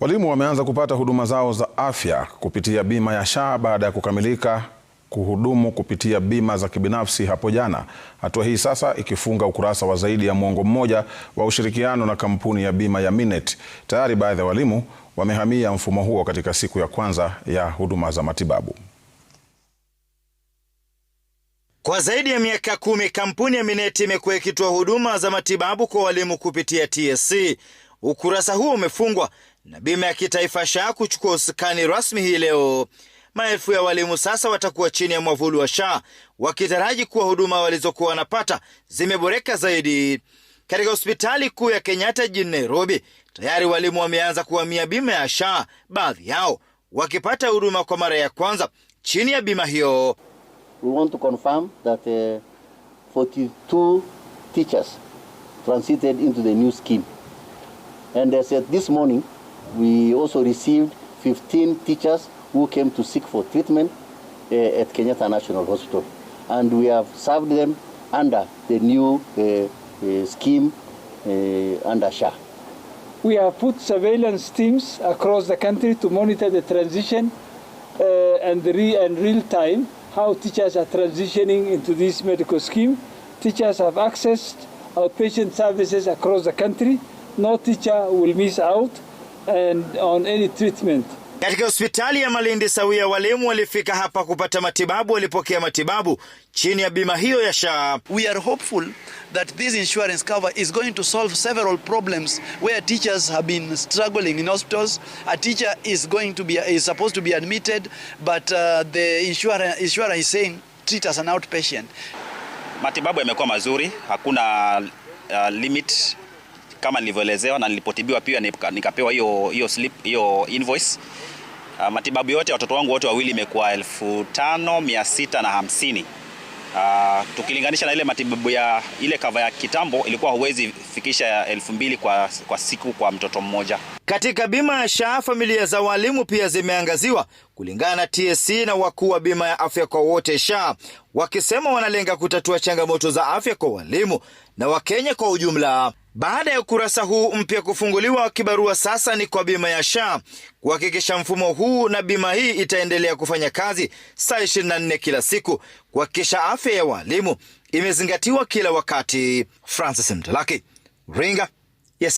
Walimu wameanza kupata huduma zao za afya kupitia bima ya SHA baada ya kukamilika kuhudumu kupitia bima za kibinafsi hapo jana. Hatua hii sasa ikifunga ukurasa wa zaidi ya mwongo mmoja wa ushirikiano na kampuni ya bima ya Minet. Tayari baadhi ya walimu wamehamia mfumo huo katika siku ya kwanza ya huduma za matibabu. Kwa zaidi ya miaka kumi, kampuni ya Minet imekuwa ikitoa huduma za matibabu kwa walimu kupitia TSC. Ukurasa huo umefungwa na bima ya kitaifa SHA kuchukua usukani rasmi hii leo. Maelfu ya walimu sasa watakuwa chini ya mwavuli wa SHA wakitaraji kuwa huduma walizokuwa wanapata zimeboreka zaidi. Katika hospitali kuu ya Kenyatta jijini Nairobi, tayari walimu wameanza kuhamia bima ya SHA, baadhi yao wakipata huduma kwa mara ya kwanza chini ya bima hiyo. We want to confirm that, uh, 42 teachers transited into the new scheme. And as at this morning, We also received 15 teachers who came to seek for treatment uh, at Kenyatta National Hospital. And we have served them under the new uh, scheme under SHA. We have put surveillance teams across the country to monitor the transition and, re and real time how teachers are transitioning into this medical scheme. Teachers have accessed outpatient services across the country. No teacher will miss out. and on any treatment. Katika hospitali ya Malindi sawia, walimu walifika hapa kupata matibabu, walipokea matibabu chini ya bima hiyo ya SHA. We are hopeful that this insurance cover is going to solve several problems where teachers have been struggling in hospitals. A teacher is going to be is supposed to be admitted but uh, the insurer insurer is saying treat as an outpatient. Matibabu yamekuwa mazuri, hakuna uh, limit kama nilivyoelezewa na nilipotibiwa pia nikapewa hiyo hiyo slip hiyo invoice. Uh, matibabu yote watoto wangu wote wawili imekuwa elfu Uh, tukilinganisha na ile matibabu ya ile kava ya kitambo ilikuwa huwezi fikisha elfu kwa, kwa siku kwa mtoto mmoja. Katika bima ya SHA familia za walimu pia zimeangaziwa kulingana na TSC na wakuu wa bima ya afya kwa wote SHA, wakisema wanalenga kutatua changamoto za afya kwa walimu na Wakenya kwa ujumla. Baada ya ukurasa huu mpya kufunguliwa, kibarua sasa ni kwa bima ya SHA kuhakikisha mfumo huu na bima hii itaendelea kufanya kazi saa 24 kila siku, kuhakikisha afya ya walimu imezingatiwa kila wakati. Francis Mtalaki, Ringa